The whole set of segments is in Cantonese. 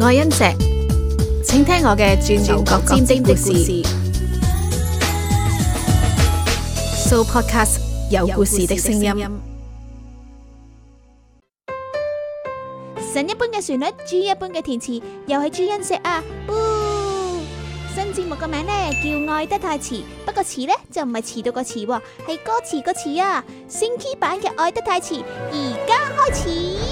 愛恩石，請聽我嘅轉轉角尖尖的故事。So podcast 有故事的聲音。神一般嘅旋律，G 一般嘅填詞，又係朱恩石啊！新節目個名呢，叫愛得太遲，不過詞呢，就唔係遲到個遲，係歌詞個詞啊！升 K 版嘅愛得太遲，而家開始。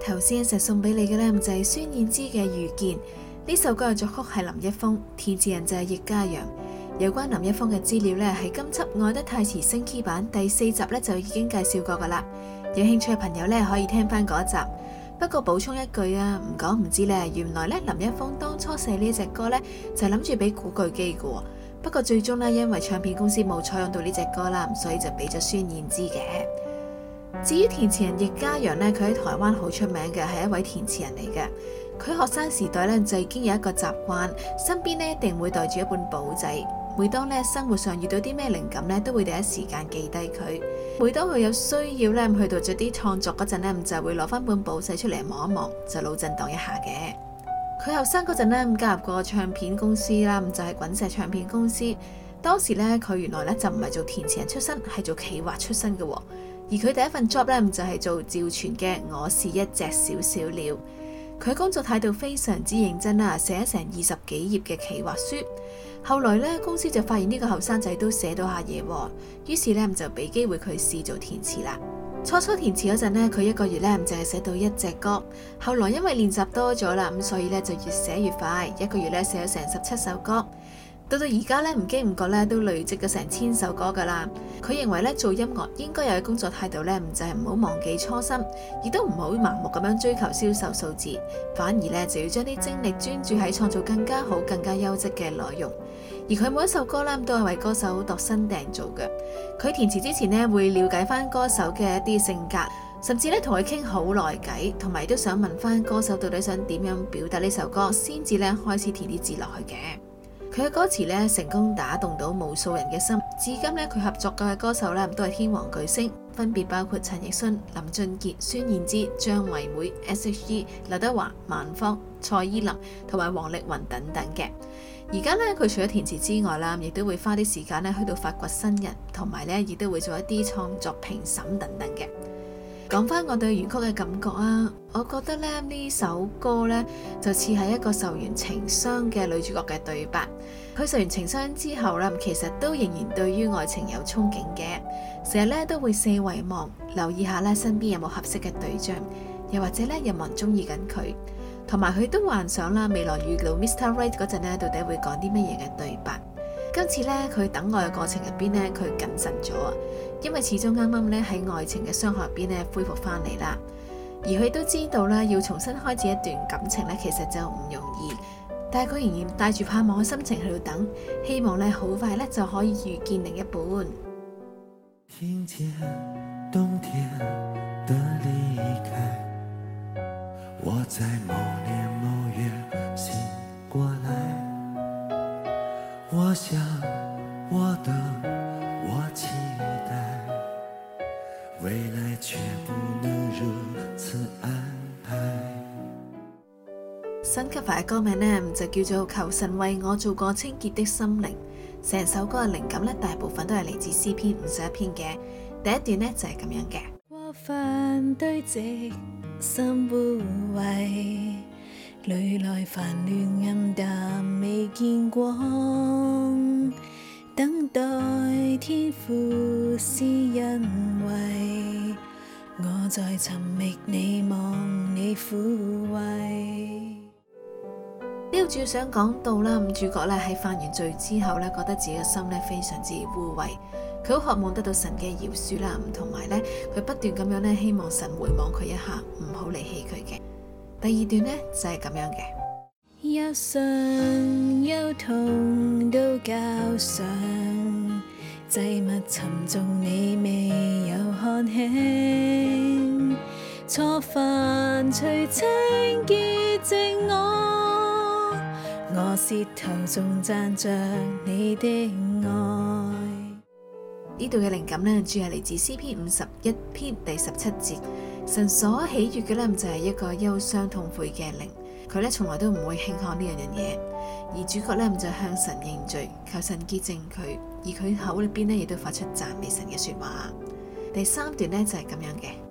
頭先成送俾你嘅咧，就係孫燕姿嘅《遇見》呢首歌嘅作曲係林一峰，填詞人就係易家揚。有關林一峰嘅資料咧，喺今輯《愛得太遲升級版》升 K 版第四集咧就已經介紹過噶啦。有興趣嘅朋友咧，可以聽翻嗰一集。不過補充一句啊，唔講唔知咧，原來咧林一峰當初寫呢隻歌咧，就諗住俾古巨基嘅。不過最終咧，因為唱片公司冇採用到呢隻歌啦，所以就俾咗孫燕姿嘅。至於填詞人易佳陽咧，佢喺台灣好出名嘅，係一位填詞人嚟嘅。佢學生時代咧就已經有一個習慣，身邊咧一定會袋住一本簿仔。每當咧生活上遇到啲咩靈感咧，都會第一時間記低佢。每當佢有需要咧，去到做啲創作嗰陣咧，就會攞翻本簿仔出嚟望一望，就腦震盪一下嘅。佢後生嗰陣咧，加入過唱片公司啦，咁就係滾石唱片公司。當時咧，佢原來咧就唔係做填詞人出身，係做企劃出身嘅。而佢第一份 job 咧，就係做趙傳嘅《我是一隻小小鳥》，佢工作態度非常之認真啦，寫成二十幾頁嘅企劃書。後來咧，公司就發現呢個後生仔都寫到下嘢，於是咧就俾機會佢試做填詞啦。初初填詞嗰陣咧，佢一個月咧唔淨係寫到一隻歌，後來因為練習多咗啦，咁所以咧就越寫越快，一個月咧寫咗成十七首歌。到到而家咧，唔經唔覺咧都累積咗成千首歌㗎喇。佢認為咧做音樂應該有嘅工作態度咧，唔就係唔好忘記初心，亦都唔好盲目咁樣追求銷售數字，反而咧就要將啲精力專注喺創造更加好、更加優質嘅內容。而佢每一首歌咧都係為歌手度身訂造嘅。佢填詞之前咧會了解返歌手嘅一啲性格，甚至咧同佢傾好耐偈，同埋都想問返歌手到底想點樣表達呢首歌，先至咧開始填啲字落去嘅。佢嘅歌詞咧成功打動到無數人嘅心，至今咧佢合作嘅歌手咧都係天王巨星，分別包括陳奕迅、林俊傑、孫燕姿、張惠妹、S.H.E、劉德華、萬芳、蔡依林同埋王力宏等等嘅。而家咧佢除咗填詞之外啦，亦都會花啲時間咧去到發掘新人，同埋咧亦都會做一啲創作評審等等嘅。講翻我對原曲嘅感覺啊，我覺得咧呢首歌呢，就似係一個受完情傷嘅女主角嘅對白。佢受完情傷之後呢，其實都仍然對於愛情有憧憬嘅，成日咧都會四圍望，留意下咧身邊有冇合適嘅對象，又或者咧有冇人中意緊佢，同埋佢都幻想啦未來遇到 Mr. Right 嗰陣呢，到底會講啲乜嘢嘅對白。今次咧，佢等愛嘅過程入邊咧，佢謹慎咗啊，因為始終啱啱咧喺愛情嘅傷害入邊咧恢復翻嚟，啦，而佢都知道啦，要重新開始一段感情咧，其實就唔容易，但係佢仍然帶住盼望嘅心情喺度等，希望咧好快咧就可以遇見另一半。本。我想，我等，我期待，未來卻不能如此安排。新歌嘅歌名呢，就叫做《求神為我做個清潔的心靈》，成首歌嘅靈感呢，大部分都係嚟自詩篇五十一篇嘅，第一段呢，就係咁樣嘅。心裏內煩亂暗淡未見光，等待天父，是因為我在尋覓你，望你撫慰。呢個主要想講到啦，主角咧喺犯完罪之後咧，覺得自己嘅心咧非常之污穢，佢好渴望得到神嘅饒恕啦，同埋咧佢不斷咁樣咧希望神回望佢一下，唔好離棄佢嘅。第二段呢，就係咁樣嘅，一酸又痛都交上，際密沉重你未有看輕，錯犯除清潔淨我，我舌頭仲讚着你的愛。呢度嘅靈感呢，主要係嚟自詩篇五十一篇第十七節。神所喜悅嘅咧，就係一個憂傷痛悔嘅靈，佢咧從來都唔會輕看呢樣嘢。而主角咧唔就向神認罪，求神潔淨佢，而佢口裏邊咧亦都發出讚美神嘅說話。第三段咧就係咁樣嘅。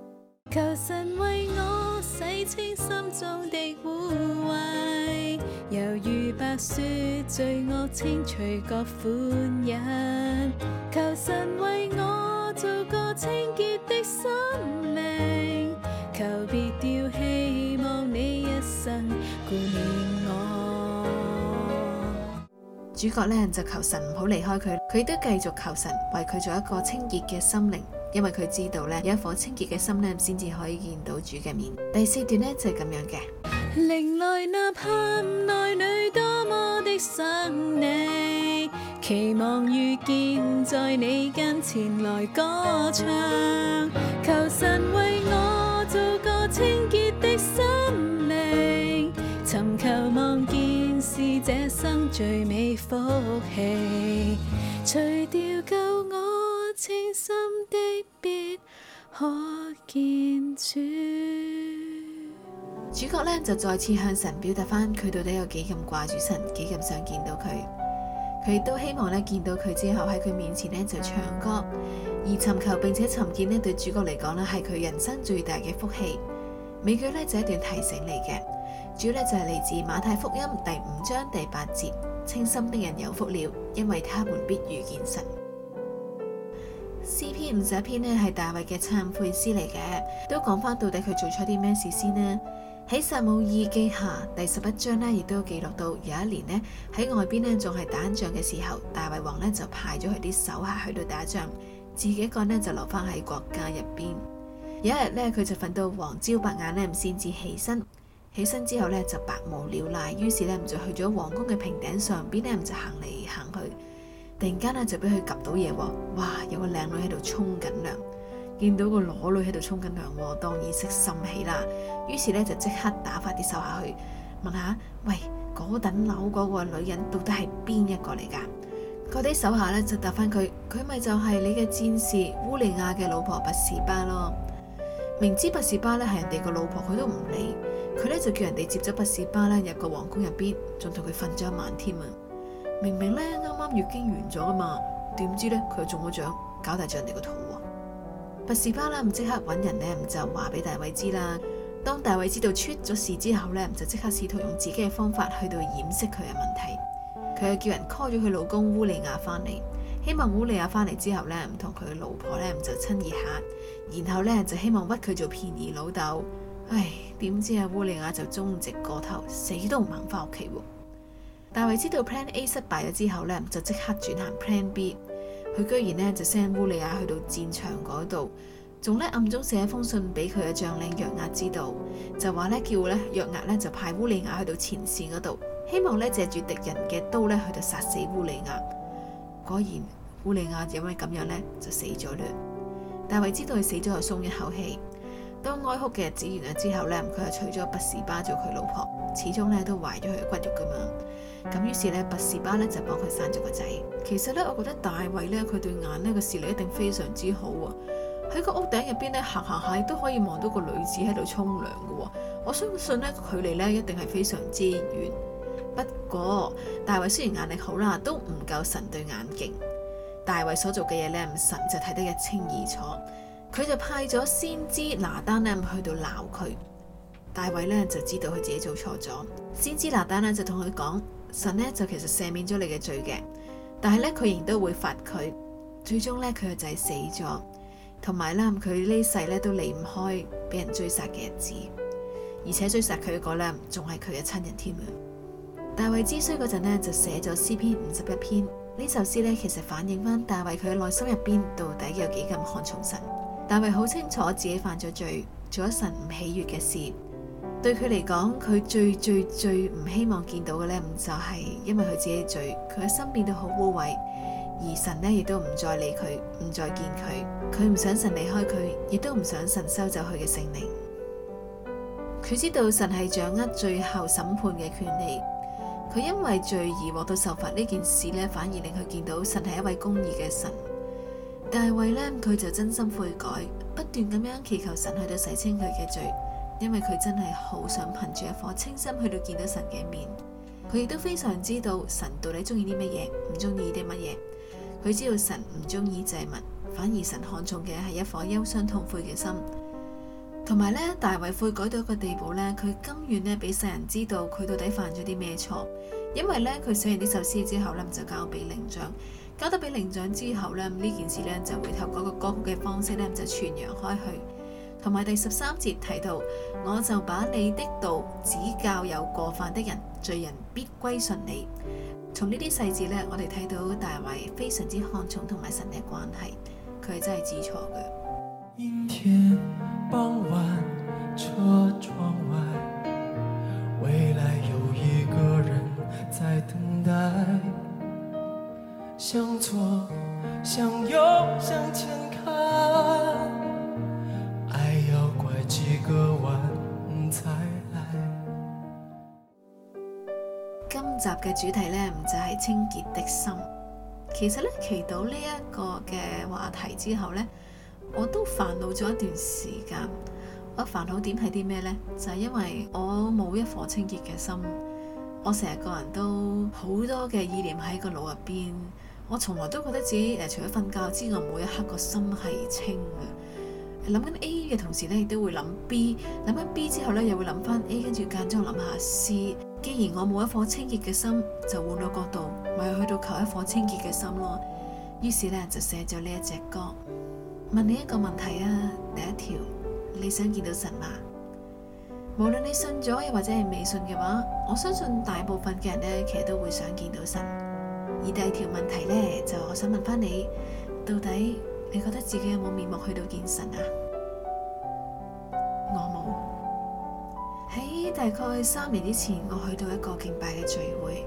求神為我洗清心中的猶如白雪，罪惡清除，各款人。求神為我做個清潔的心靈，求別掉希望你一生顧念我。主角呢就求神唔好離開佢，佢都繼續求神為佢做一個清潔嘅心靈。因為佢知道咧，有一顆清潔嘅心呢先至可以見到主嘅面。第四段呢，就係咁樣嘅。另來吶喊，內女多麼的想你期望望遇見在你跟前來歌唱。求神為我做個清潔的心靈，尋求望見是這生最美福氣除掉舊我清心的必可見主。主角咧就再次向神表達翻佢到底有幾咁掛住神，幾咁想見到佢。佢亦都希望咧見到佢之後喺佢面前呢，就唱歌而尋求，並且尋見呢，對主角嚟講呢係佢人生最大嘅福氣。尾句呢，就一段提醒嚟嘅，主要咧就係嚟自馬太福音第五章第八節：，清心的人有福了，因為他們必遇見神。詩篇五十一篇呢，係大衛嘅懺悔詩嚟嘅，都講翻到底佢做錯啲咩事先呢？喺撒母耳記下第十一章呢，亦都記錄到有一年呢，喺外邊呢，仲係打仗嘅時候，大衛王呢就派咗佢啲手下去到打仗，自己個呢就留翻喺國家入邊。有一日呢，佢就瞓到黃朝白眼呢，唔先至起身，起身之後呢，就百無聊賴，於是呢，唔就去咗皇宮嘅平頂上邊呢，唔就行嚟行去。突然間咧就俾佢及到嘢，哇！有個靚女喺度沖緊涼，見到個裸女喺度沖緊涼，當然識心起啦。於是咧就即刻打發啲手下去問下，喂，嗰頂樓嗰個女人到底係邊一個嚟噶？嗰啲手下咧就答翻佢，佢咪就係你嘅戰士烏利亞嘅老婆拔士巴咯。明知拔士巴咧係人哋個老婆，佢都唔理，佢咧就叫人哋接咗拔士巴咧入個皇宮入邊，仲同佢瞓咗一晚添啊！明明咧啱啱月經完咗㗎嘛，點知咧佢又中咗獎，搞大咗人哋個肚啊！拔示巴啦唔即刻揾人咧，唔就話俾大衛知啦。當大衛知道出咗事之後咧，唔就即刻試圖用自己嘅方法去到掩飾佢嘅問題。佢又叫人 call 咗佢老公烏利亞翻嚟，希望烏利亞翻嚟之後咧，唔同佢老婆咧唔就親熱下，然後咧就希望屈佢做便宜老豆。唉，點知啊烏利亞就忠直過頭，死都唔肯翻屋企喎。大衛知道 Plan A 失敗咗之後咧，就即刻轉行 Plan B。佢居然咧就 send 烏利亞去到戰場嗰度，仲咧暗中寫封信俾佢嘅將領約押知道，就話咧叫咧約押咧就派烏利亞去到前線嗰度，希望咧借住敵人嘅刀咧，去到殺死烏利亞。果然烏利亞因為咁樣咧就死咗啦。大衛知道佢死咗，就鬆一口氣。當哀哭嘅日子完咗之後呢，佢就娶咗拔士巴做佢老婆。始終呢都懷咗佢嘅骨肉噶嘛。咁於是呢，拔士巴呢就幫佢生咗個仔。其實呢，我覺得大衛呢，佢對眼呢個視力一定非常之好啊！喺個屋頂入邊呢，行行下，都可以望到個女子喺度沖涼嘅。我相信呢距離呢一定係非常之遠。不過大衛雖然眼力好啦，都唔夠神對眼勁。大衛所做嘅嘢呢，神就睇得一清二楚。佢就派咗先知拿丹咧去到鬧佢大衛咧，就知道佢自己做錯咗。先知拿丹咧就同佢講神咧就其實赦免咗你嘅罪嘅，但係咧佢亦都會罰佢。最終咧佢個仔死咗，同埋咧佢呢世咧都離唔開俾人追殺嘅日子，而且追殺佢嗰，咧仲係佢嘅親人添。大衛之衰嗰陣咧就寫咗詩篇五十一篇呢首詩咧，其實反映翻大衛佢內心入邊到底有幾咁看重神。大衛好清楚自己犯咗罪，做咗神唔喜悅嘅事。對佢嚟講，佢最最最唔希望見到嘅咧，就係因為佢自己嘅罪，佢一心變到好污穢，而神咧亦都唔再理佢，唔再見佢。佢唔想神離開佢，亦都唔想神收走佢嘅性命。佢知道神係掌握最後審判嘅權利，佢因為罪而獲到受罰呢件事咧，反而令佢見到神係一位公義嘅神。大衛咧，佢就真心悔改，不斷咁樣祈求神去到洗清佢嘅罪，因為佢真係好想憑住一顆清心去到見到神嘅面。佢亦都非常知道神到底中意啲乜嘢，唔中意啲乜嘢。佢知道神唔中意祭物，反而神看重嘅係一顆憂傷痛悔嘅心。同埋咧，大衛悔改到一個地步咧，佢甘願咧俾世人知道佢到底犯咗啲咩錯，因為咧佢寫完呢首詩之後呢，咁就交俾伶長。交得俾伶長之後呢，呢件事呢，就會透過嗰個歌曲嘅方式呢，就傳揚開去，同埋第十三節提到， 我就把你的道指教有過犯的人，罪人必歸順你。從呢啲細節呢，我哋睇到大衛非常之看重同埋神嘅關係，佢真係知錯嘅。向左、向右、向前看。愛要拐幾個彎才來。今集嘅主題呢，唔就係、是、清潔的心。其實呢，祈禱呢一個嘅話題之後呢，我都煩惱咗一段時間。我煩惱點係啲咩呢？就係、是、因為我冇一顆清潔嘅心，我成日個人都好多嘅意念喺個腦入邊。我從來都覺得自己、呃、除咗瞓覺之外，每一刻個心係清嘅。諗緊 A 嘅同時咧，亦都會諗 B。諗緊 B 之後咧，又會諗翻 A。跟住間中諗下 C。既然我冇一顆清潔嘅心，就換個角度，咪去到求一顆清潔嘅心咯。於是咧就寫咗呢一隻歌。問你一個問題啊，第一條，你想見到神嘛？無論你信咗又或者係未信嘅話，我相信大部分嘅人咧，其實都會想見到神。而第二條問題呢，就我想問翻你，到底你覺得自己有冇面目去到見神啊？我冇。喺大概三年之前，我去到一個敬拜嘅聚會，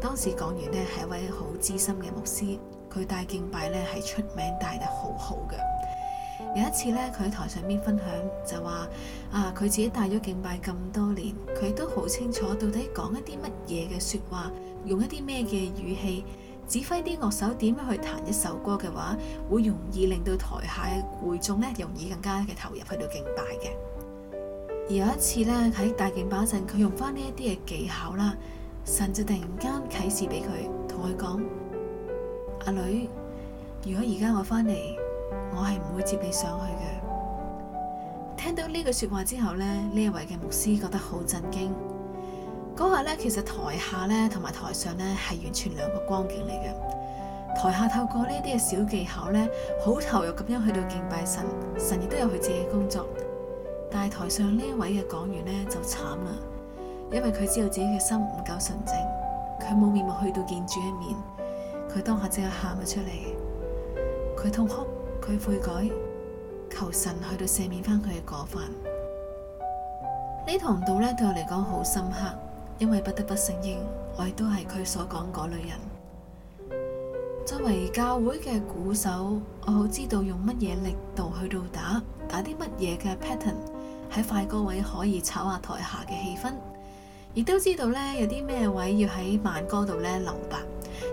當時講完呢，係一位好資深嘅牧師，佢帶敬拜呢，係出名帶得好好嘅。有一次咧，佢喺台上面分享就話啊，佢自己帶咗敬拜咁多年，佢都好清楚到底講一啲乜嘢嘅說話，用一啲咩嘅語氣，指揮啲樂手點樣去彈一首歌嘅話，會容易令到台下嘅會眾咧，容易更加嘅投入去到敬拜嘅。而有一次咧喺大敬拜陣，佢用翻呢一啲嘅技巧啦，神就突然間啟示俾佢，同佢講：阿女，如果而家我翻嚟。我係唔會接你上去嘅。聽到呢句說話之後咧，呢一位嘅牧師覺得好震驚。嗰下呢，其實台下呢同埋台上呢係完全兩個光景嚟嘅。台下透過呢啲嘅小技巧呢，好投入咁樣去到敬拜神，神亦都有佢自己嘅工作。但係台上呢一位嘅講員呢，就慘啦，因為佢知道自己嘅心唔夠純正，佢冇面目去到見主一面，佢當下即刻喊咗出嚟，佢痛哭。佢悔改，求神去到赦免翻佢嘅過犯。呢堂道呢對我嚟講好深刻，因為不得不承認，我亦都係佢所講嗰類人。作為教會嘅鼓手，我好知道用乜嘢力度去到打，打啲乜嘢嘅 pattern 喺快歌位可以炒下台下嘅氣氛，亦都知道呢有啲咩位要喺慢歌度呢留白，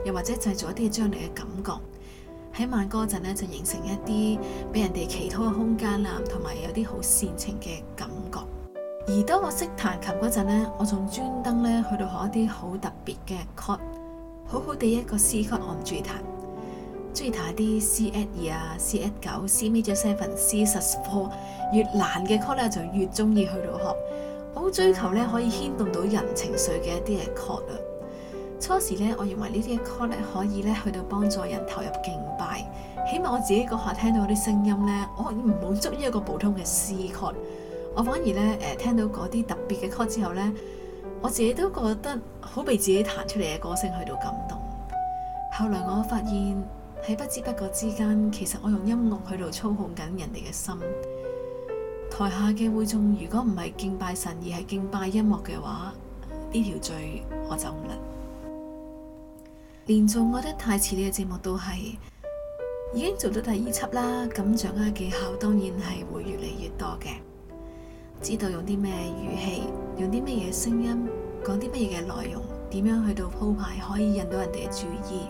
又或者製造一啲將來嘅感覺。喺慢歌嗰陣咧，就形成一啲俾人哋祈禱嘅空間啦，同埋有啲好煽情嘅感覺。而當我識彈琴嗰陣咧，我仲專登咧去到學一啲好特別嘅 chord，好好地一個 C chord 按住彈，中意彈一啲 Csus 二啊、Csus, 9, C major, 7, Csus 九、C major 七、seven、Csus four，越難嘅 chord 咧就越中意去到學，好追求咧可以牽動到人情緒嘅一啲嘅 chord 啦。初時咧，我認為呢啲歌咧可以咧去到幫助人投入敬拜。起碼我自己嗰下聽到啲聲音咧，我唔滿足於一個普通嘅詩歌，我反而咧誒、呃、聽到嗰啲特別嘅歌之後咧，我自己都覺得好被自己彈出嚟嘅歌聲去到感動。後來我發現喺不知不覺之間，其實我用音樂去到操控緊人哋嘅心。台下嘅會眾如果唔係敬拜神而係敬拜音樂嘅話，呢條罪我就唔能。連續我得太遲呢個節目都係，已經做到第二輯啦。咁掌握技巧當然係會越嚟越多嘅，知道用啲咩語氣，用啲咩嘢聲音，講啲乜嘢嘅內容，點樣去到鋪排可以引到人哋嘅注意，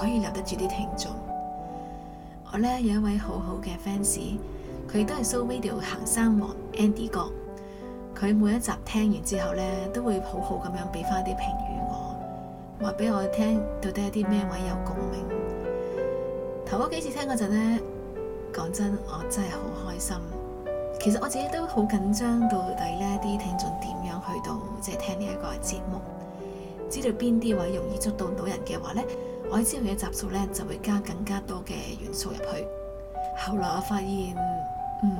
可以留得住啲聽眾。我呢有一位好好嘅 fans，佢都係 so video 行山王 Andy 哥，佢每一集聽完之後呢，都會好好咁樣俾翻啲評語。話俾我聽到底有啲咩位有共鳴？頭嗰幾次聽嗰陣咧，講真，我真係好開心。其實我自己都好緊張，到底呢啲聽眾點樣去到即係聽呢一個節目，知道邊啲位容易捉到到人嘅話咧，我喺之後嘅集數咧就會加更加多嘅元素入去。後來我發現，嗯，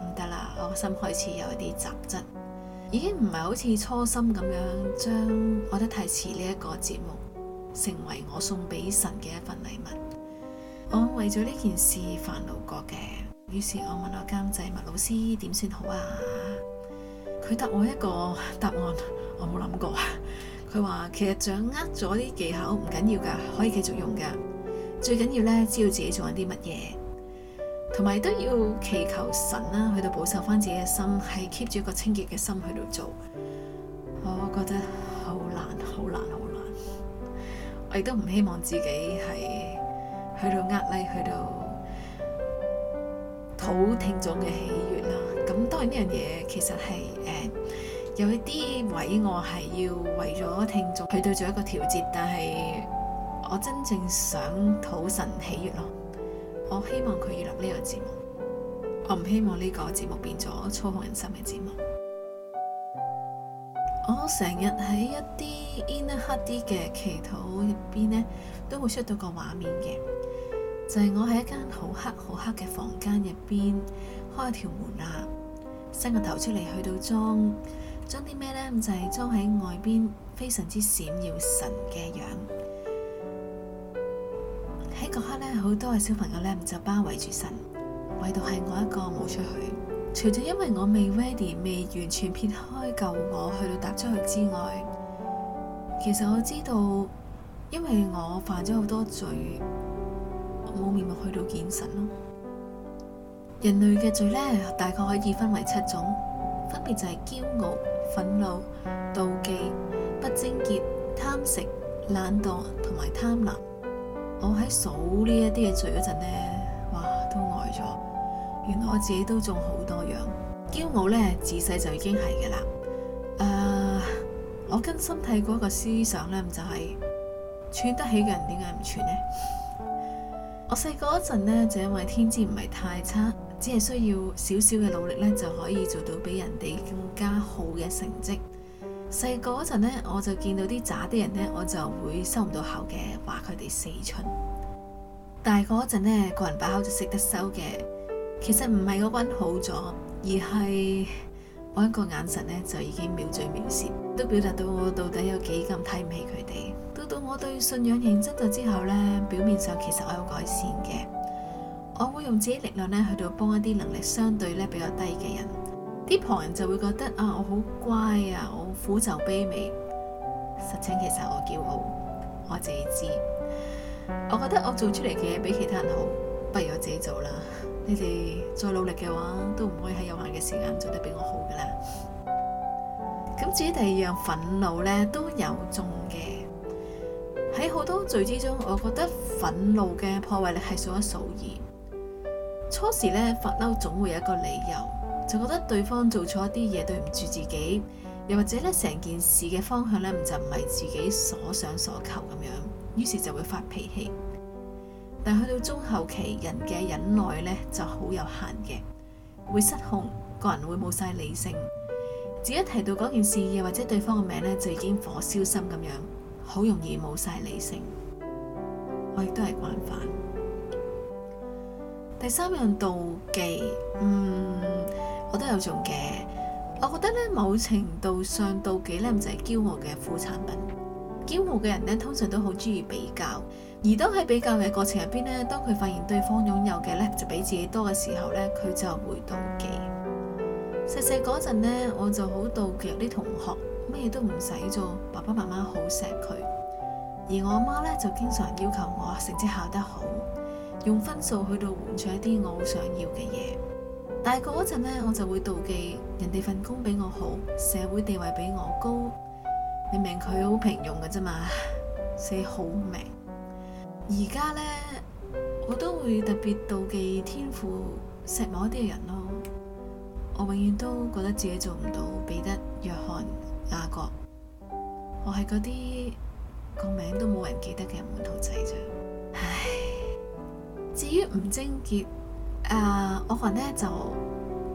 唔得啦，我個心開始有一啲雜質。已經唔係好似初心咁樣，將《我得太遲》呢一個節目成為我送俾神嘅一份禮物。我為咗呢件事煩惱過嘅，於是我問阿監製麥老師點算好啊？佢答我一個答案，我冇諗過。佢話其實掌握咗啲技巧唔緊要噶，可以繼續用噶。最緊要咧，知道自己做緊啲乜嘢。同埋都要祈求神啦，去到保守翻自己嘅心，係 keep 住一個清潔嘅心去到做，我覺得好難，好難，好難。我亦都唔希望自己係去到呃咧，去到討聽眾嘅喜悅啦。咁當然呢樣嘢其實係誒、呃、有一啲位我係要為咗聽眾去到做一個調節，但係我真正想討神喜悅咯。我希望佢要錄呢個節目，我唔希望呢個節目變咗操控人心嘅節目。 我成日喺一啲暗黑啲嘅祈禱入邊咧，都會出到個畫面嘅，就係、是、我喺一間好黑好黑嘅房間入邊，開條門啦，伸個頭出嚟，去到裝，裝啲咩呢？就係裝喺外邊非常之閃耀神嘅樣。嗰刻咧，好多嘅小朋友咧，就包圍住神，唯獨係我一個冇出去。除咗因為我未 ready，未完全撇開舊我，去到踏出去之外，其實我知道，因為我犯咗好多罪，我冇面目去到見神咯。人類嘅罪咧，大概可以分為七種，分別就係驕傲、憤怒、妒忌、不貞潔、貪食、懶惰同埋貪婪。我喺數呢一啲嘢罪嗰陣呢，哇，都呆咗。原來我自己都仲好多樣。驕傲呢，自細就已經係嘅啦。誒、呃，我根深睇過一個思想呢，就係、是、串得起嘅人點解唔串呢？我細個嗰陣呢，就因為天資唔係太差，只係需要少少嘅努力呢，就可以做到比人哋更加好嘅成績。細個嗰陣咧，我就見到啲渣啲人咧，我就會收唔到口嘅，話佢哋死蠢。大個嗰陣呢，個人把口就識得收嘅。其實唔係個溫好咗，而係我一個眼神咧就已經藐嘴藐舌，都表達到我到底有幾咁睇唔起佢哋。到到我對信仰認真咗之後咧，表面上其實我有改善嘅，我會用自己力量咧去到幫一啲能力相對咧比較低嘅人。啲旁人就會覺得啊，我好乖啊，我好苦就卑微。實情其實我驕傲，我自己知。我覺得我做出嚟嘅嘢比其他人好，不如我自己做啦。你哋再努力嘅話，都唔可以喺有限嘅時間做得比我好噶啦。咁至於第二樣憤怒咧，都有種嘅。喺好多罪之中，我覺得憤怒嘅破壞力係數一數二。初時咧，發嬲總會有一個理由。就覺得對方做錯一啲嘢，對唔住自己，又或者咧成件事嘅方向咧就唔係自己所想所求咁樣，於是就會發脾氣。但去到中後期，人嘅忍耐咧就好有限嘅，會失控，個人會冇晒理性。只一提到嗰件事，又或者對方嘅名咧，就已經火燒心咁樣，好容易冇晒理性，我亦都係慣犯。第三樣妒忌。受嘅，我覺得咧，某程度上妒忌咧，就係驕傲嘅副產品。驕傲嘅人咧，通常都好中意比較，而當喺比較嘅過程入邊咧，當佢發現對方擁有嘅咧就比自己多嘅時候咧，佢就會妒忌。細細嗰陣呢，我就好妒忌有啲同學乜嘢都唔使做，爸爸媽媽好錫佢，而我阿媽咧就經常要求我成績考得好，用分數去到換取一啲我好想要嘅嘢。但係嗰陣咧，我就會妒忌人哋份工比我好，社會地位比我高。明明佢好平庸嘅啫嘛，死好命。而家咧，我都會特別妒忌天賦石某一啲嘅人咯。我永遠都覺得自己做唔到彼得、約翰、雅各，我係嗰啲個名都冇人記得嘅門徒仔啫。唉，至於吳晶杰。誒，uh, 我個人咧就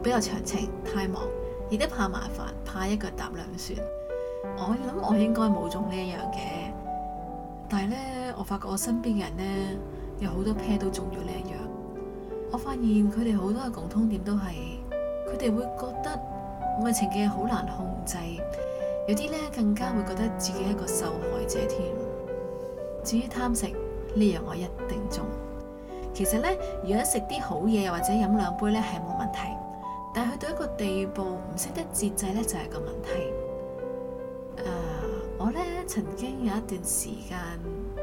比較長情，太忙，亦都怕麻煩，怕一腳踏兩船。我諗我應該冇中呢一樣嘅，但係咧，我發覺我身邊嘅人咧，有好多 pair 都中咗呢一樣。我發現佢哋好多嘅共通點都係，佢哋會覺得愛情嘅好難控制，有啲咧更加會覺得自己係一個受害者添。至於貪食呢樣，我一定中。其實咧，如果食啲好嘢或者飲兩杯咧，係冇問題。但係去到一個地步唔識得節制咧，就係個問題。Uh, 我咧曾經有一段時間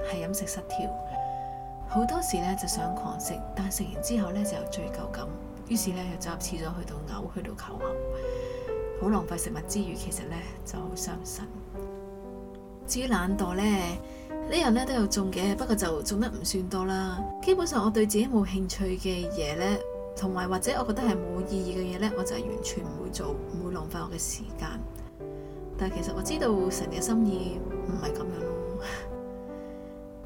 係飲食失調，好多時咧就想狂食，但係食完之後咧就有罪疚感，於是咧就走入廁所去到嘔，去到口喉，好浪費食物之余，其實咧就好傷神。至於懶惰咧。呢樣咧都有中嘅，不過就中得唔算多啦。基本上我對自己冇興趣嘅嘢呢，同埋或者我覺得係冇意義嘅嘢呢，我就係完全唔會做，唔會浪費我嘅時間。但係其實我知道神嘅心意唔係咁樣咯。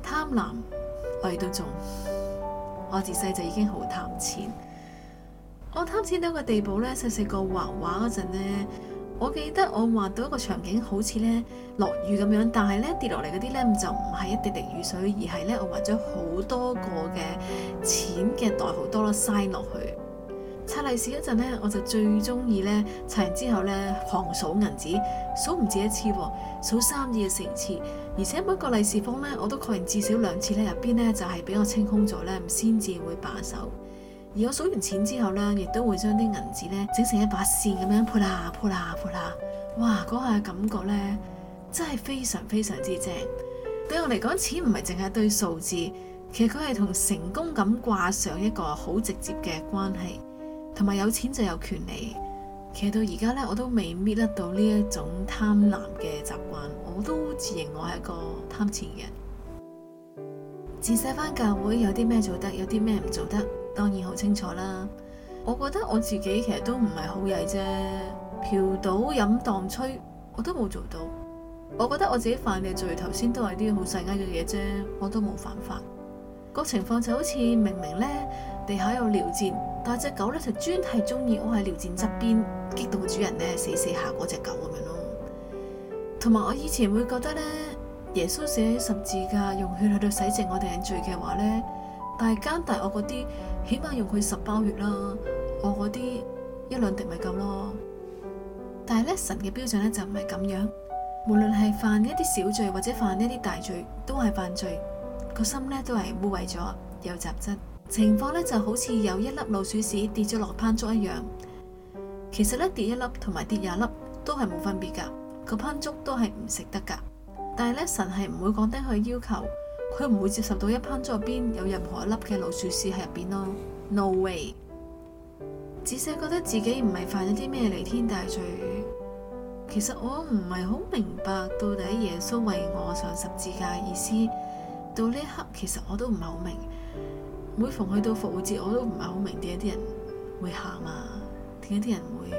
貪婪我亦都中，我自細就已經好貪錢。我貪錢到個地步呢，細細個畫畫嗰陣呢。我記得我畫到一個場景，好似咧落雨咁樣，但係咧跌落嚟嗰啲咧就唔係一滴滴雨水，而係咧我畫咗好多個嘅淺嘅袋，好多粒晒落去。拆利是嗰陣咧，我就最中意咧拆完之後咧狂數銀紙，數唔止一次，數三至四次，而且每一個利是封咧我都確認至少兩次咧入邊咧就係、是、俾我清空咗咧，先至會罷手。而我數完錢之後呢，亦都會將啲銀紙呢整成一把扇咁樣，潑啦潑啦潑啦。哇！嗰下感覺呢，真係非常非常之正。對我嚟講，錢唔係淨係一堆數字，其實佢係同成功咁掛上一個好直接嘅關係。同埋有錢就有權利。其實到而家呢，我都未搣得到呢一種貪婪嘅習慣。我都自認我係一個貪錢嘅人。自細返教會，有啲咩做得，有啲咩唔做得？當然好清楚啦，我覺得我自己其實都唔係好曳啫，嫖賭飲蕩吹我都冇做到。我覺得我自己犯嘅罪頭先都係啲好細啱嘅嘢啫，我都冇犯法。個情況就好似明明呢，地下有尿漬，但係隻狗呢就專係中意我喺尿漬側邊，激到個主人呢死死下嗰隻狗咁樣咯。同埋我以前會覺得呢，耶穌死喺十字架用血去到洗淨我哋嘅罪嘅話呢，但係大奸大惡嗰啲。起碼用佢十包血啦，我嗰啲一兩滴咪夠咯。但係咧，神嘅標準咧就唔係咁樣，無論係犯一啲小罪或者犯一啲大罪，都係犯罪，個心咧都係污穢咗有雜質。情況咧就好似有一粒老鼠屎跌咗落烹粥一樣，其實咧跌一粒同埋跌廿粒都係冇分別噶，個烹粥都係唔食得噶。但係咧，神係唔會降低佢要求。佢唔會接受到一盆菜入邊有任何一粒嘅老鼠屎喺入邊咯，no way。只係覺得自己唔係犯咗啲咩彌天大罪，其實我唔係好明白到底耶穌為我上十字架意思。到呢一刻，其實我都唔係好明。每逢去到復活節，我都唔係好明點解啲人會喊啊，點解啲人會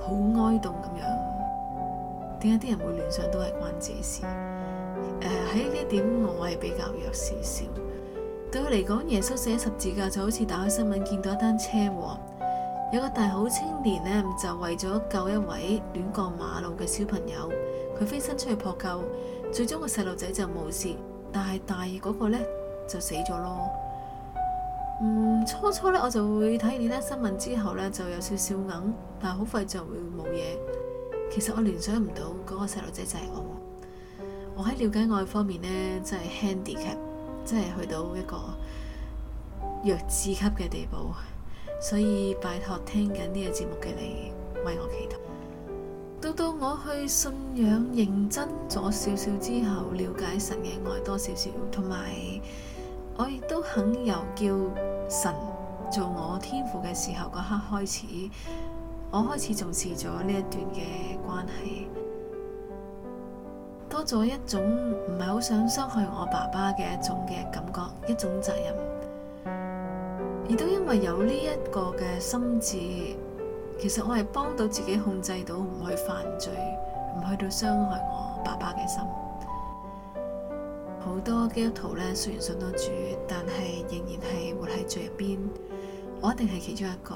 好哀慟咁樣，點解啲人會聯想都係關自己事。誒，喺呢啲點我係比較弱少少，對我嚟講，耶穌死喺十字架就好似打開新聞見到一單車禍，有個大好青年呢，就為咗救一位亂過馬路嘅小朋友，佢飛身出去撲救，最終個細路仔就冇事，但係大嗰個呢，就死咗咯。嗯，初初呢，我就會睇完呢單新聞之後呢，就有少少硬，但係好快就會冇嘢。其實我聯想唔到嗰個細路仔就係我。我喺了解愛方面呢，真係 handicap，真係去到一個弱智級嘅地步，所以拜託聽緊呢個節目嘅你為我祈禱。到到我去信仰認真咗少少之後，了解神嘅愛多少少，同埋我亦都肯由叫神做我天父嘅時候嗰刻開始，我開始重視咗呢一段嘅關係。多咗一種唔係好想傷害我爸爸嘅一種嘅感覺，一種責任。亦都因為有呢一個嘅心智，其實我係幫到自己控制到唔去犯罪，唔去到傷害我爸爸嘅心。好多基督徒咧，雖然信到主，但係仍然係活喺罪入邊。我一定係其中一個。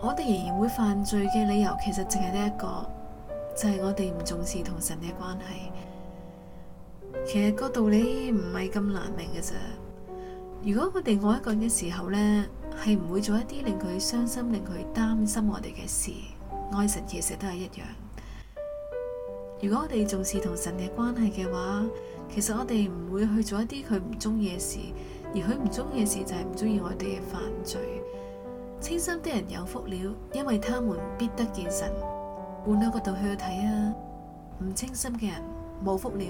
我哋仍然會犯罪嘅理由，其實淨係呢一個。就係我哋唔重視同神嘅關係，其實個道理唔係咁難明嘅咋，如果我哋愛一個人嘅時候呢，係唔會做一啲令佢傷心、令佢擔心我哋嘅事。愛神其實都係一樣。如果我哋重視同神嘅關係嘅話，其實我哋唔會去做一啲佢唔中意嘅事。而佢唔中意嘅事就係唔中意我哋嘅犯罪。清心的人有福了，因為他們必得見神。換個角度去睇啊！唔清心嘅人冇福了，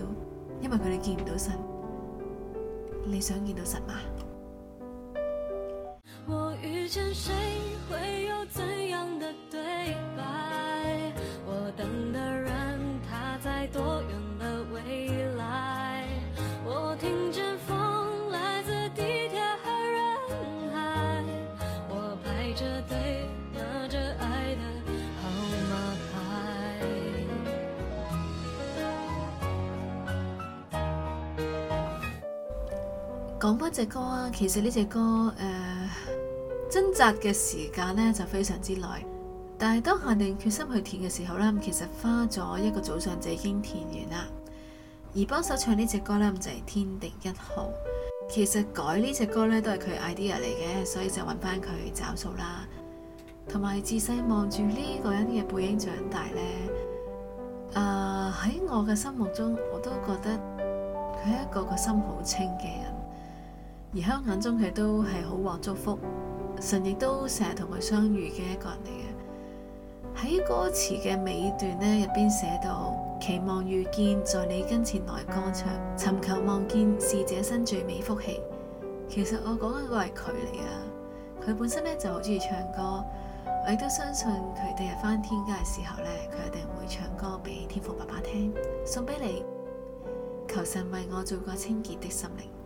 因為佢哋見唔到神。你想見到神嘛？我遇見講翻隻歌啊，其實呢隻歌誒、呃、掙扎嘅時間呢就非常之耐，但係當下定決心去填嘅時候呢，其實花咗一個早上就已經填完啦。而幫手唱呢隻歌呢、就是，就係天地一號。其實改呢隻歌呢，都係佢 idea 嚟嘅，所以就揾翻佢找數啦。同埋自細望住呢個人嘅背影長大呢，啊、呃、喺我嘅心目中，我都覺得佢係一個個心好清嘅人。而喺我眼中，佢都係好獲祝福，神亦都成日同佢相遇嘅一個人嚟嘅。喺歌詞嘅尾段呢，入邊寫到：期望遇見在你跟前來歌唱，尋求望見是這生最美福氣。其實我講嘅個係佢嚟啊。佢本身呢就好中意唱歌，我亦都相信佢第日翻天家嘅時候呢，佢一定會唱歌俾天父爸爸聽，送俾你。求神為我做個清潔的心靈。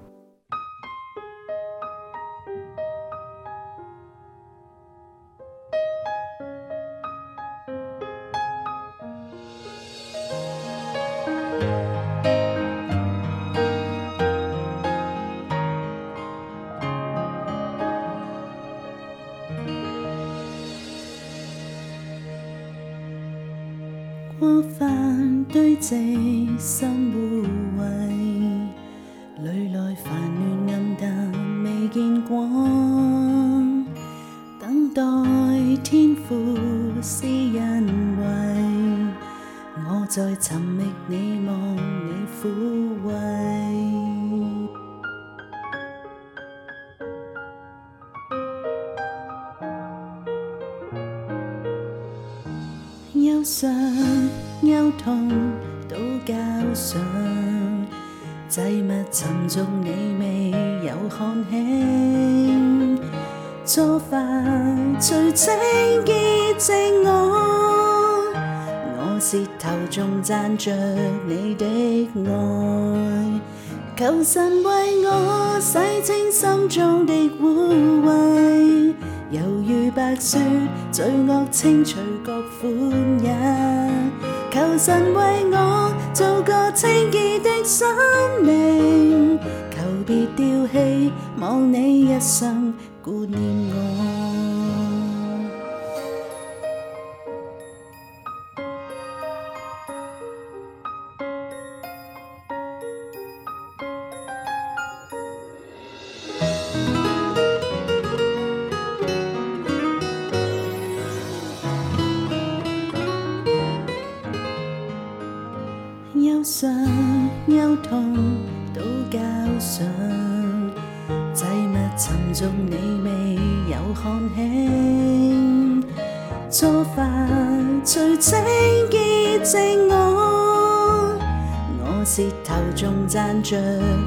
着你的愛，求神為我洗清心中的污穢，猶如白雪，罪惡清除各歡欣。求神為我做個清潔的生命，求別丟棄，望你一生顧念我。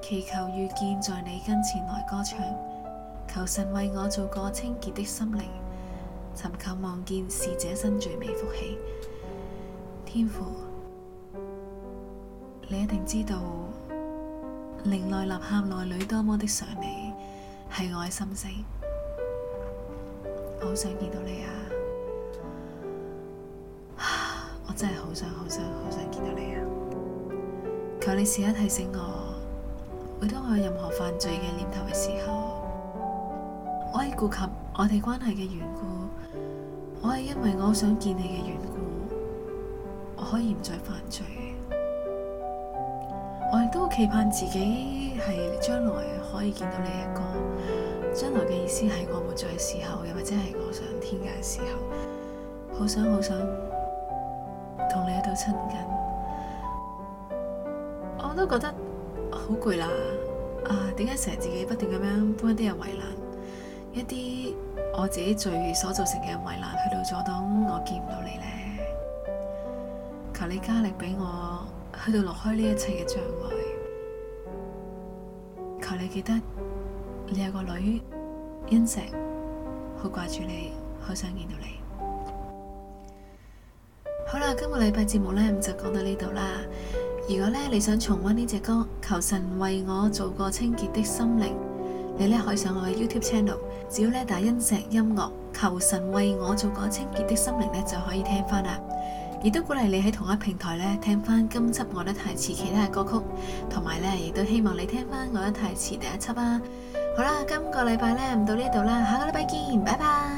祈求遇見在你跟前來歌唱，求神為我做個清潔的心靈，尋求望見使者身最美福氣。天父，你一定知道靈內，立內、吶喊內裏多麼的想你，係我嘅心聲。好想見到你啊！我真係好想、好想、好想見到你啊！求你時而提醒我。每當我有任何犯罪嘅念頭嘅時候，我係顧及我哋關係嘅緣故，我係因為我想見你嘅緣故，我可以唔再犯罪。我亦都好期盼自己係將來可以見到你一個。將來嘅意思係我活着嘅時候，又或者係我上天嘅時候，好想好想同你喺度親近。我都覺得。好攰啦！啊，點解成日自己不斷咁樣搬一啲嘅圍欄，一啲我自己罪孽所造成嘅圍欄，去到阻擋我見唔到你咧？求你加力俾我，去到落開呢一切嘅障礙。求你記得，你有個女欣石，好掛住你，好想見到你。好啦，今個禮拜節目咧，就講到呢度啦。如果咧你想重溫呢隻歌，求神為我做個清潔的心靈，你咧可以上我嘅 YouTube Channel，只要咧打音石音樂，求神為我做個清潔的心靈咧就可以聽翻啦。亦都鼓勵你喺同一平台咧聽翻今輯我得太詞其他嘅歌曲，同埋咧亦都希望你聽翻我得太詞第一輯啊。好啦，今個禮拜咧唔到呢度啦，下個禮拜見，拜拜。